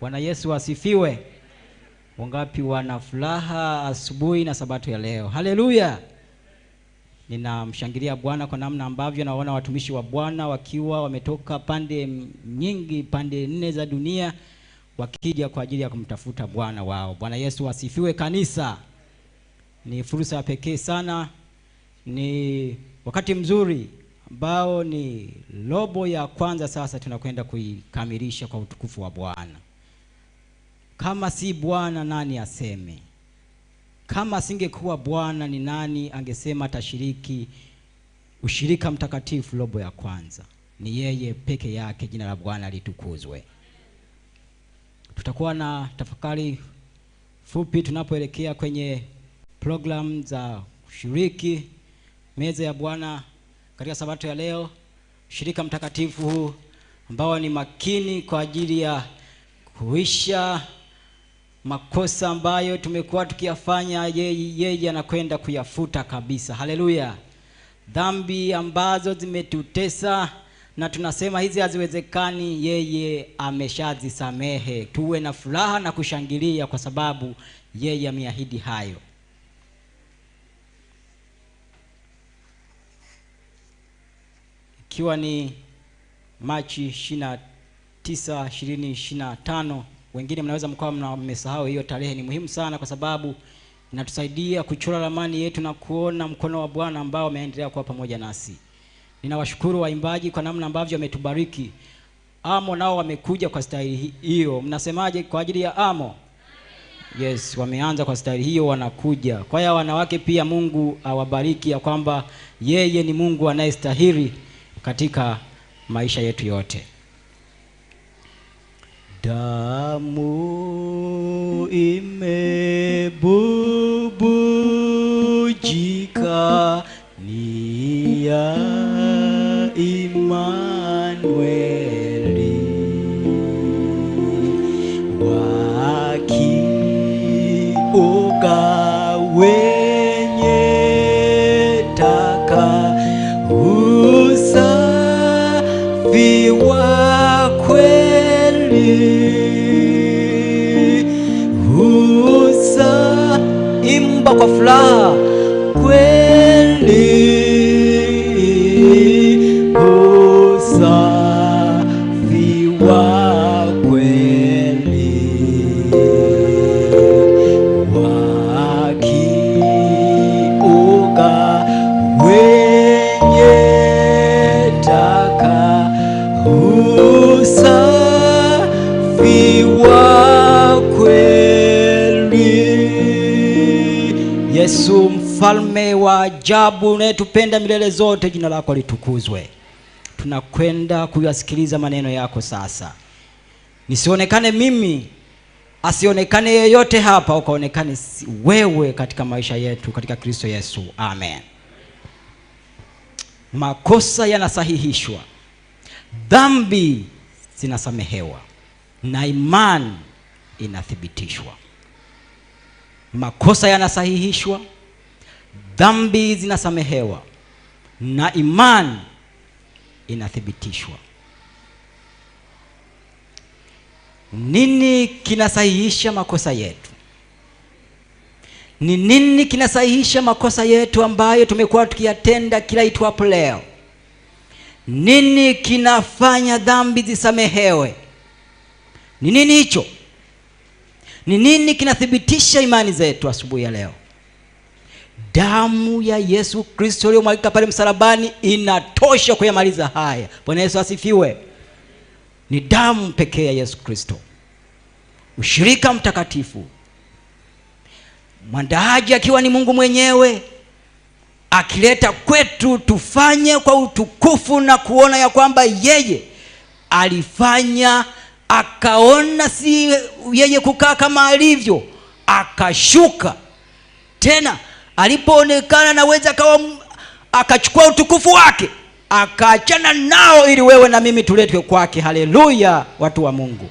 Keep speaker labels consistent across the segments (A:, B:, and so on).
A: Bwana Yesu asifiwe. Wangapi wana furaha asubuhi na sabato ya leo? Haleluya! Ninamshangilia Bwana kwa namna ambavyo naona watumishi wa Bwana wakiwa wametoka pande nyingi, pande nne za dunia, wakija kwa ajili ya kumtafuta Bwana wao. Bwana Yesu asifiwe. Kanisa, ni fursa ya pekee sana, ni wakati mzuri ambao ni robo ya kwanza sasa tunakwenda kuikamilisha kwa utukufu wa Bwana. Kama si Bwana nani aseme? Kama asingekuwa Bwana ni nani angesema atashiriki ushirika mtakatifu robo ya kwanza? Ni yeye peke yake, jina la Bwana litukuzwe. Tutakuwa na tafakari fupi tunapoelekea kwenye programu za ushiriki meza ya Bwana katika sabato ya leo, ushirika mtakatifu huu ambao ni makini kwa ajili ya kuisha makosa ambayo tumekuwa tukiyafanya, yeye anakwenda kuyafuta kabisa. Haleluya! dhambi ambazo zimetutesa na tunasema hizi haziwezekani, yeye ameshazisamehe. Tuwe na furaha na kushangilia kwa sababu yeye ameahidi hayo. Ikiwa ni Machi 29, 2025 wengine mnaweza mkawa mmesahau hiyo tarehe, ni muhimu sana kwa sababu inatusaidia kuchora ramani yetu na kuona mkono wa Bwana ambao ameendelea kuwa pamoja nasi. Ninawashukuru waimbaji kwa namna ambavyo wametubariki. Amo nao wamekuja kwa staili hiyo, mnasemaje kwa ajili ya Amo? Yes, wameanza kwa staili hiyo, wanakuja. Kwa hiyo wanawake pia, Mungu awabariki ya kwamba yeye ni Mungu anayestahili katika maisha yetu yote.
B: padamu imebu. usafi wa kweli wakiuka wenye taka usafi wa kweli. Yesu mfalme wa ajabu unayetupenda milele zote, jina lako litukuzwe tunakwenda kuyasikiliza maneno yako sasa. Nisionekane mimi, asionekane yeyote hapa, ukaonekane wewe katika maisha yetu katika Kristo Yesu, amen. Makosa yanasahihishwa, dhambi zinasamehewa na imani inathibitishwa. Makosa yanasahihishwa, dhambi zinasamehewa na imani inathibitishwa. Nini kinasahihisha makosa yetu? Ni nini kinasahihisha makosa yetu ambayo tumekuwa tukiyatenda kila itwapo leo? Nini kinafanya dhambi zisamehewe? Ni nini hicho? Ni nini kinathibitisha imani zetu asubuhi ya leo? Damu ya Yesu Kristo iliyomwagika pale msalabani inatosha kuyamaliza haya. Bwana Yesu asifiwe. Ni damu pekee ya Yesu Kristo, ushirika mtakatifu, mwandaaji akiwa ni Mungu mwenyewe akileta kwetu tufanye kwa utukufu na kuona ya kwamba yeye alifanya, akaona si yeye kukaa kama alivyo, akashuka tena alipoonekana naweza akawa akachukua utukufu wake akaachana nao ili wewe na mimi tuletwe kwake haleluya watu wa mungu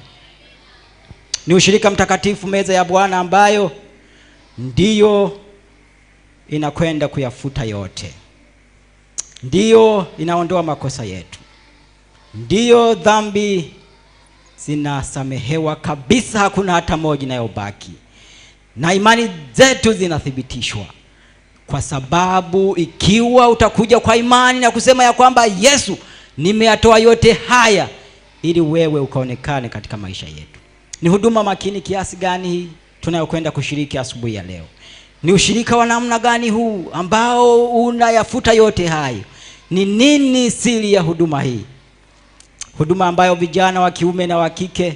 B: ni ushirika mtakatifu meza ya bwana ambayo ndiyo inakwenda kuyafuta yote ndiyo inaondoa makosa yetu ndiyo dhambi zinasamehewa kabisa hakuna hata moja inayobaki na imani zetu zinathibitishwa kwa sababu ikiwa utakuja kwa imani na kusema ya kwamba Yesu, nimeyatoa yote haya ili wewe ukaonekane katika maisha yetu. Ni huduma makini kiasi gani hii tunayokwenda kushiriki asubuhi ya leo? Ni ushirika wa namna gani huu ambao unayafuta yote hayo? Ni nini siri ya huduma hii, huduma ambayo vijana wa kiume na wa kike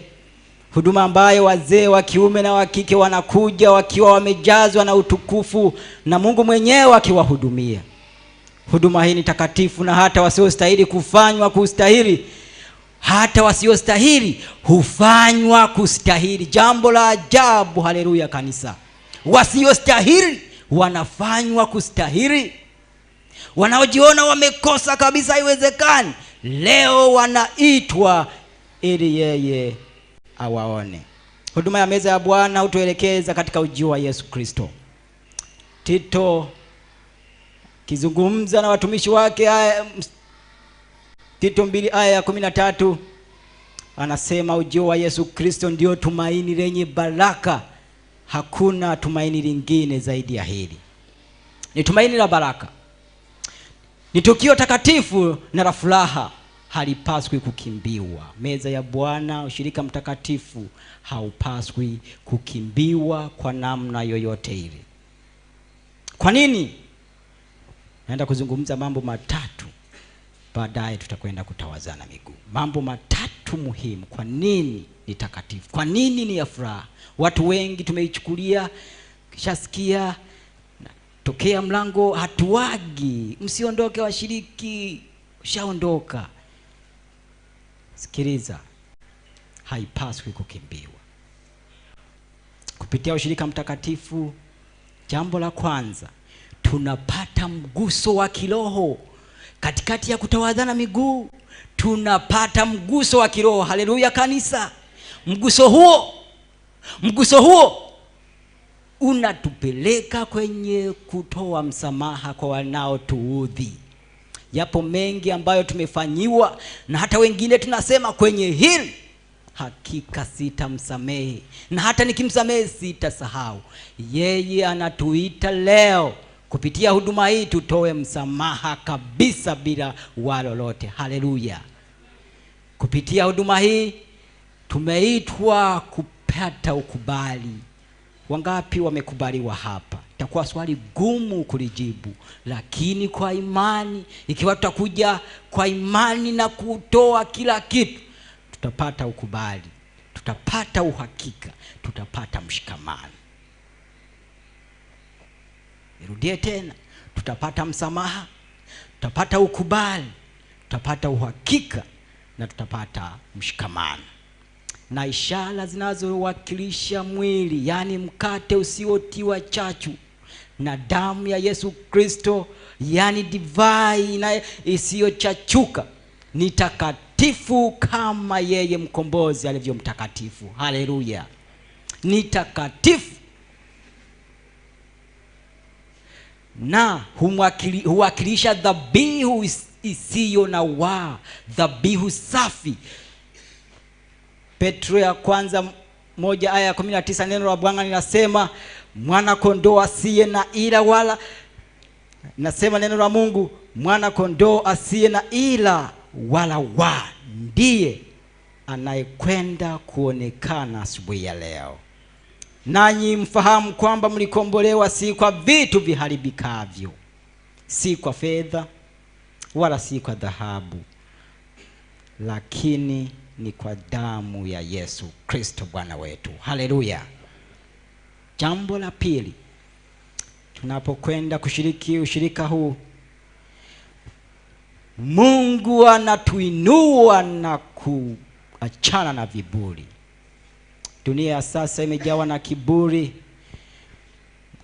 B: huduma ambayo wazee wa kiume na wa kike wanakuja wakiwa wamejazwa na utukufu na Mungu mwenyewe akiwahudumia. Huduma hii ni takatifu, na hata wasiostahili kufanywa kustahili, hata wasiostahili hufanywa kustahili. Jambo la ajabu! Haleluya kanisa! Wasiostahili wanafanywa kustahili, wanaojiona wamekosa kabisa, haiwezekani, leo wanaitwa ili yeye awaone. Huduma ya meza ya Bwana hutuelekeza katika ujio wa Yesu Kristo. Tito kizungumza na watumishi wake aya, Tito mbili aya ya kumi na tatu anasema ujio wa Yesu Kristo ndio tumaini lenye baraka, hakuna tumaini lingine zaidi ya hili. Ni tumaini la baraka, ni tukio takatifu na la furaha halipaswi kukimbiwa. Meza ya Bwana, ushirika mtakatifu haupaswi kukimbiwa kwa namna yoyote ile. Kwa nini? Naenda kuzungumza mambo matatu, baadaye tutakwenda kutawazana miguu. Mambo matatu muhimu, kwa nini ni takatifu, kwa nini ni ya furaha. Watu wengi tumeichukulia, kishasikia tokea mlango hatuwagi, msiondoke washiriki, ushaondoka Sikiliza, haipaswi kukimbiwa. Kupitia ushirika mtakatifu, jambo la kwanza tunapata mguso wa kiroho katikati ya kutawadhana miguu, tunapata mguso wa kiroho. Haleluya kanisa! Mguso huo, mguso huo unatupeleka kwenye kutoa msamaha kwa wanaotuudhi. Yapo mengi ambayo tumefanyiwa na hata wengine tunasema kwenye hili hakika sitamsamehe, na hata nikimsamehe sitasahau. Yeye anatuita leo kupitia huduma hii tutoe msamaha kabisa bila wa lolote. Haleluya! Kupitia huduma hii tumeitwa kupata ukubali Wangapi wamekubaliwa hapa? Itakuwa swali gumu kulijibu, lakini kwa imani, ikiwa tutakuja kwa imani na kutoa kila kitu, tutapata ukubali, tutapata uhakika, tutapata mshikamano. Nirudie tena, tutapata msamaha, tutapata ukubali, tutapata uhakika na tutapata mshikamano na ishara zinazowakilisha mwili, yaani mkate usiotiwa chachu na damu ya Yesu Kristo, yaani divai na isiyochachuka, ni takatifu kama yeye mkombozi alivyo mtakatifu. Haleluya, ni takatifu na huwakilisha dhabihu isiyo na waa, dhabihu safi Petro ya kwanza moja aya ya 19, neno la Bwana linasema mwana kondoo asiye na ila wala, nasema neno la Mungu, mwana kondoo asiye na ila wala wa ndiye anayekwenda kuonekana asubuhi ya leo. Nanyi mfahamu kwamba mlikombolewa si kwa vitu viharibikavyo, si kwa fedha wala si kwa dhahabu, lakini ni kwa damu ya Yesu Kristo Bwana wetu. Haleluya! Jambo la pili, tunapokwenda kushiriki ushirika huu, Mungu anatuinua na kuachana na viburi. Dunia ya sasa imejawa na kiburi.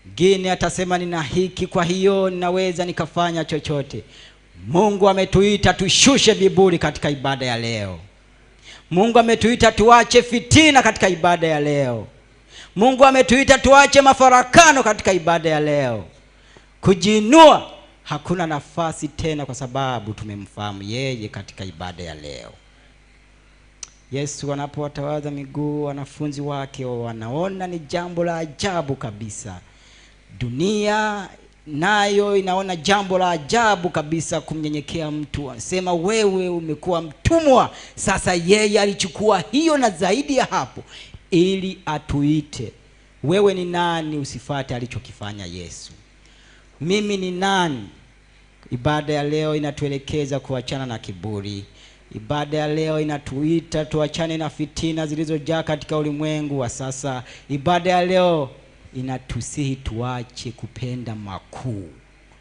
B: Mwingine atasema nina hiki, kwa hiyo ninaweza nikafanya chochote. Mungu ametuita tushushe viburi katika ibada ya leo. Mungu ametuita tuache fitina katika ibada ya leo. Mungu ametuita tuache mafarakano katika ibada ya leo. Kujiinua hakuna nafasi tena, kwa sababu tumemfahamu yeye katika ibada ya leo. Yesu anapowatawaza miguu wanafunzi wake wanaona ni jambo la ajabu kabisa. Dunia nayo inaona jambo la ajabu kabisa kumnyenyekea mtu. Anasema wewe umekuwa mtumwa. Sasa yeye alichukua hiyo na zaidi ya hapo, ili atuite. Wewe ni nani usifate alichokifanya Yesu? Mimi ni nani? Ibada ya leo inatuelekeza kuachana na kiburi. Ibada ya leo inatuita tuachane na fitina zilizojaa katika ulimwengu wa sasa. Ibada ya leo inatusihi tuache kupenda makuu,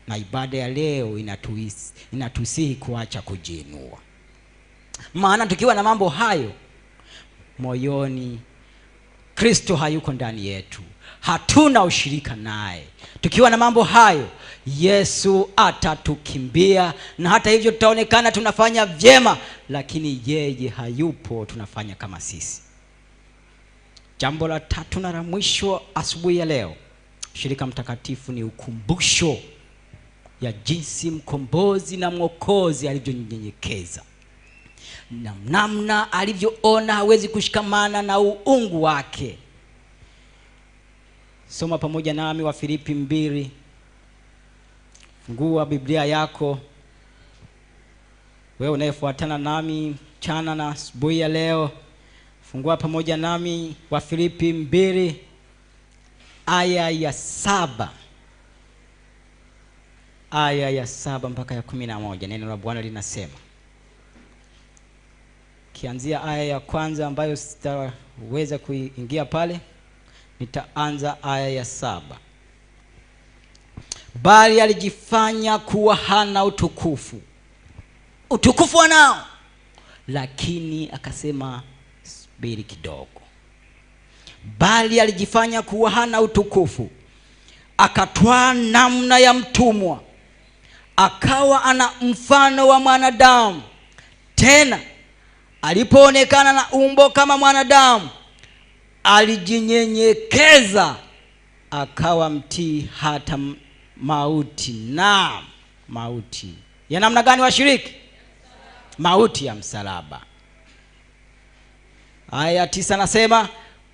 B: na ibada ya leo inatuisi, inatusihi kuacha kujiinua, maana tukiwa na mambo hayo moyoni, Kristo hayuko ndani yetu, hatuna ushirika naye. Tukiwa na mambo hayo, Yesu atatukimbia, na hata hivyo tutaonekana tunafanya vyema, lakini yeye hayupo, tunafanya kama sisi. Jambo la tatu na la mwisho asubuhi ya leo, shirika mtakatifu ni ukumbusho ya jinsi mkombozi na mwokozi alivyonyenyekeza na namna alivyoona hawezi kushikamana na uungu wake. Soma pamoja nami wa Filipi mbili. Fungua Biblia yako wewe unayefuatana nami mchana na asubuhi ya leo. Fungua pamoja nami wa filipi mbili aya ya saba aya ya saba mpaka ya kumi na moja Neno la Bwana linasema kianzia aya ya kwanza ambayo sitaweza kuingia pale, nitaanza aya ya saba. Bali alijifanya kuwa hana utukufu, utukufu anao, lakini akasema mbili kidogo, bali alijifanya kuwa hana utukufu, akatwaa namna ya mtumwa, akawa ana mfano wa mwanadamu. Tena alipoonekana na umbo kama mwanadamu, alijinyenyekeza akawa mtii hata mauti. na mauti ya namna gani washiriki? Mauti ya msalaba aya ya tisa nasema,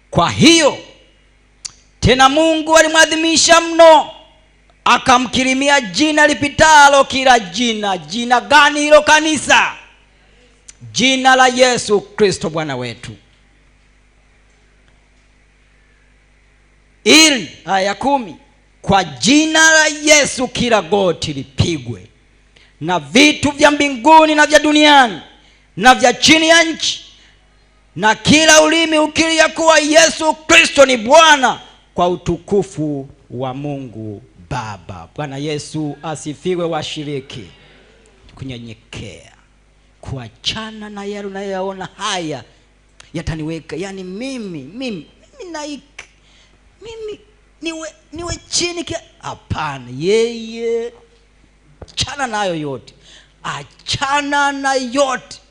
B: kwa hiyo tena Mungu alimwadhimisha mno, akamkirimia jina lipitalo kila jina. Jina gani hilo kanisa? Jina la Yesu Kristo Bwana wetu, ili aya ya kumi, kwa jina la Yesu kila goti lipigwe, na vitu vya mbinguni na vya duniani na vya chini ya nchi na kila ulimi ukiri kuwa Yesu Kristo ni Bwana kwa utukufu wa Mungu Baba. Bwana Yesu asifiwe. Washiriki kunyenyekea, kuachana na yale unayoyaona haya yataniweka, yaani mimi mimi mimi naik mimi niwe niwe chini kia, hapana. Yeye chana nayo yote, achana na yote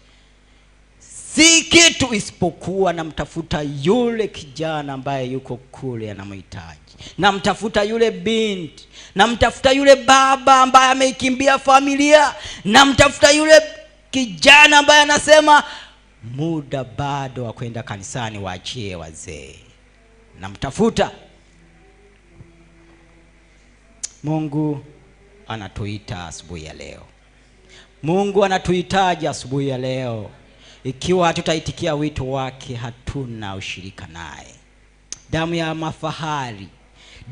B: si kitu isipokuwa namtafuta yule kijana ambaye yuko kule anamhitaji, namtafuta yule binti, namtafuta yule baba ambaye ameikimbia familia, namtafuta yule kijana ambaye anasema muda bado wa kwenda kanisani, waachie wazee. Namtafuta. Mungu anatuita asubuhi ya leo, Mungu anatuhitaji asubuhi ya leo. Ikiwa hatutaitikia wito wake, hatuna ushirika naye. Damu ya mafahari,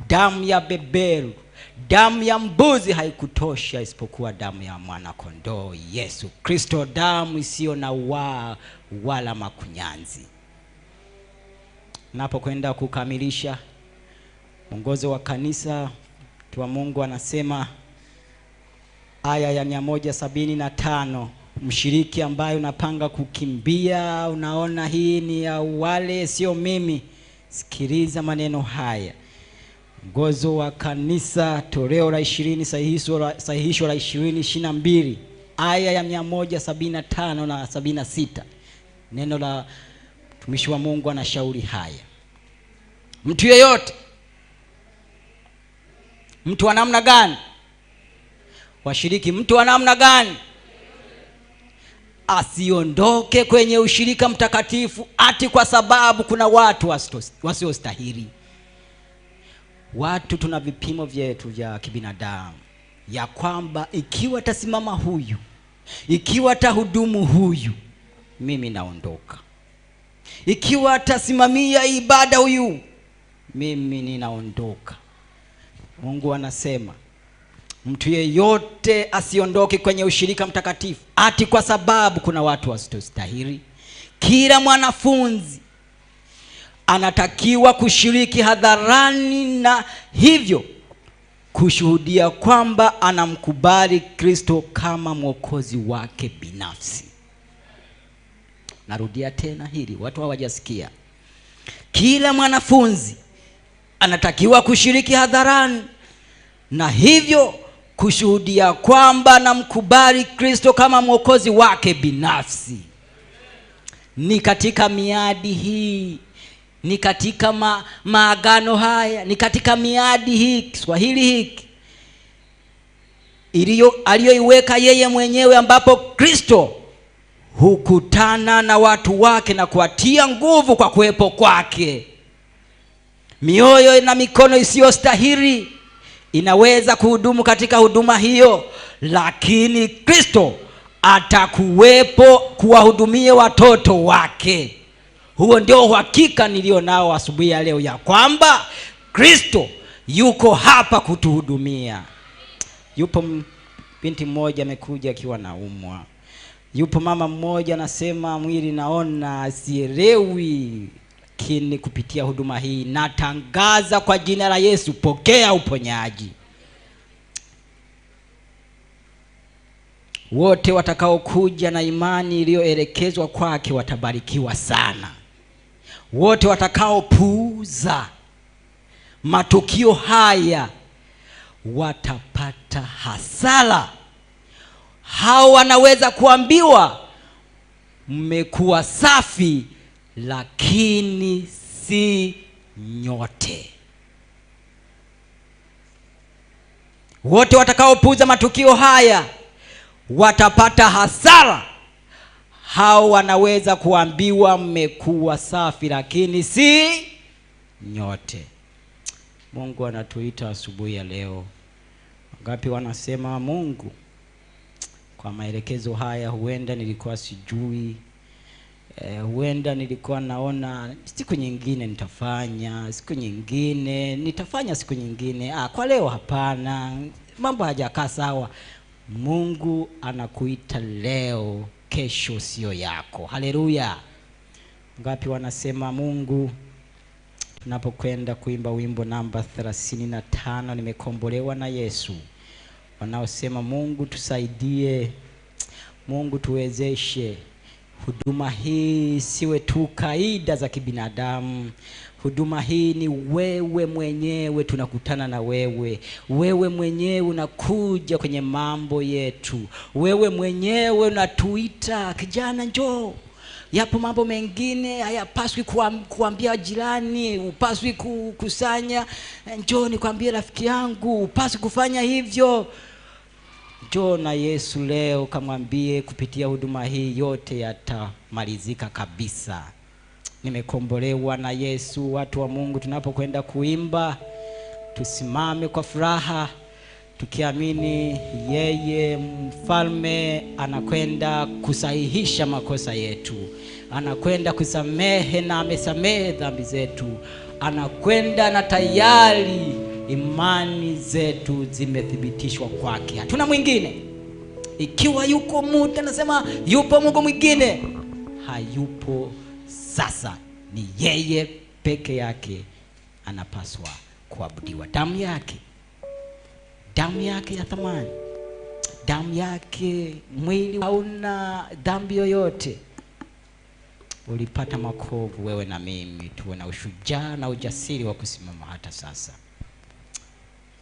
B: damu ya beberu, damu ya mbuzi haikutosha isipokuwa damu ya mwana kondoo Yesu Kristo, damu isiyo na waa wala makunyanzi. Napokwenda kukamilisha mwongozo wa kanisa wa Mungu anasema aya ya 175 mshiriki ambaye unapanga kukimbia, unaona hii ni ya wale, sio mimi, sikiliza maneno haya. ngozo wa Kanisa, toleo la ishirini, sahihisho la ishirini ishirini na mbili aya ya mia moja sabini na tano na sabini na sita Neno la mtumishi wa Mungu anashauri haya, mtu yeyote, mtu wa namna gani? Washiriki, mtu wa namna gani asiondoke kwenye ushirika mtakatifu ati kwa sababu kuna watu wasiostahili. Watu tuna vipimo vyetu vya kibinadamu ya kwamba ikiwa tasimama huyu, ikiwa tahudumu huyu, mimi naondoka. Ikiwa tasimamia ibada huyu, mimi ninaondoka. Mungu anasema Mtu yeyote asiondoke kwenye ushirika mtakatifu ati kwa sababu kuna watu wasitostahili. Kila mwanafunzi anatakiwa kushiriki hadharani na hivyo kushuhudia kwamba anamkubali Kristo kama mwokozi wake binafsi. Narudia tena hili, watu hawajasikia. Kila mwanafunzi anatakiwa kushiriki hadharani na hivyo kushuhudia kwamba namkubali Kristo kama mwokozi wake binafsi. Ni katika miadi hii, ni katika ma, maagano haya, ni katika miadi hii, Kiswahili hiki aliyoiweka yeye mwenyewe, ambapo Kristo hukutana na watu wake na kuwatia nguvu kwa kuwepo kwake, mioyo na mikono isiyostahiri inaweza kuhudumu katika huduma hiyo, lakini Kristo atakuwepo kuwahudumia watoto wake. Huo ndio uhakika nilio nao asubuhi ya leo ya kwamba Kristo yuko hapa kutuhudumia. Yupo binti mmoja amekuja akiwa naumwa, yupo mama mmoja anasema mwili naona sielewi lakini kupitia huduma hii natangaza kwa jina la Yesu, pokea uponyaji. Wote watakaokuja na imani iliyoelekezwa kwake watabarikiwa sana. Wote watakaopuuza matukio haya watapata hasara. Hao wanaweza kuambiwa mmekuwa safi lakini si nyote. Wote watakaopuuza matukio haya watapata hasara. Hao wanaweza kuambiwa mmekuwa safi, lakini si nyote. Mungu anatuita asubuhi ya leo. Wangapi wanasema Mungu, kwa maelekezo haya huenda nilikuwa sijui Eh, huenda e, nilikuwa naona siku nyingine nitafanya, siku nyingine nitafanya, siku nyingine ah, kwa leo hapana, mambo hajakaa sawa. Mungu anakuita leo, kesho sio yako. Haleluya! Ngapi wanasema Mungu? Tunapokwenda kuimba wimbo namba 35 nimekombolewa na Yesu, wanaosema Mungu tusaidie, Mungu tuwezeshe Huduma hii siwe tu kaida za kibinadamu. Huduma hii ni wewe mwenyewe, tunakutana na wewe. Wewe mwenyewe unakuja kwenye mambo yetu, wewe mwenyewe unatuita, kijana, njoo. Yapo mambo mengine hayapaswi kuambia jirani, upaswi kukusanya, njoo nikwambie rafiki yangu, upaswi kufanya hivyo. Njoo na Yesu leo, kamwambie kupitia huduma hii yote yatamalizika kabisa. Nimekombolewa na Yesu. Watu wa Mungu, tunapokwenda kuimba, tusimame kwa furaha tukiamini yeye mfalme anakwenda kusahihisha makosa yetu, anakwenda kusamehe na amesamehe dhambi zetu, anakwenda na tayari imani zetu zimethibitishwa kwake, hatuna mwingine. Ikiwa yuko mtu anasema yupo Mungu mwingine, hayupo. Sasa ni yeye peke yake anapaswa kuabudiwa. Damu yake, damu yake ya thamani, damu yake. Mwili hauna dhambi yoyote, ulipata makovu. Wewe na mimi tuwe na ushujaa na ujasiri wa kusimama hata sasa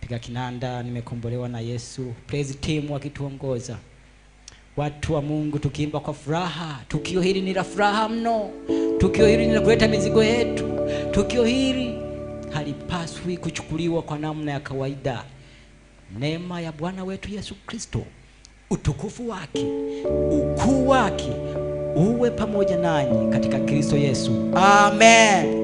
B: napiga kinanda, nimekombolewa na Yesu. Praise team wakituongoza, watu wa Mungu, tukiimba kwa furaha. Tukio hili ni la furaha mno, tukio hili ni la kuleta mizigo yetu. Tukio hili halipaswi kuchukuliwa kwa namna ya kawaida. Neema ya Bwana wetu Yesu Kristo, utukufu wake, ukuu wake uwe pamoja nanyi katika Kristo Yesu. Amen.